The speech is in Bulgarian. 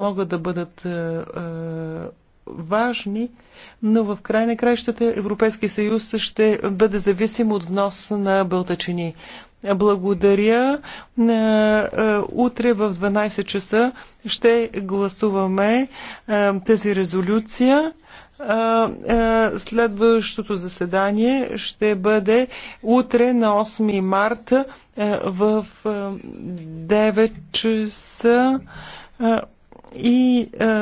могат да бъдат е, е, важни, но в край на краищата Европейски съюз ще бъде зависим от внос на бълтачини. Благодаря. Е, утре в 12 часа ще гласуваме тази резолюция. Следващото заседание ще бъде утре на 8 марта в 9 часа и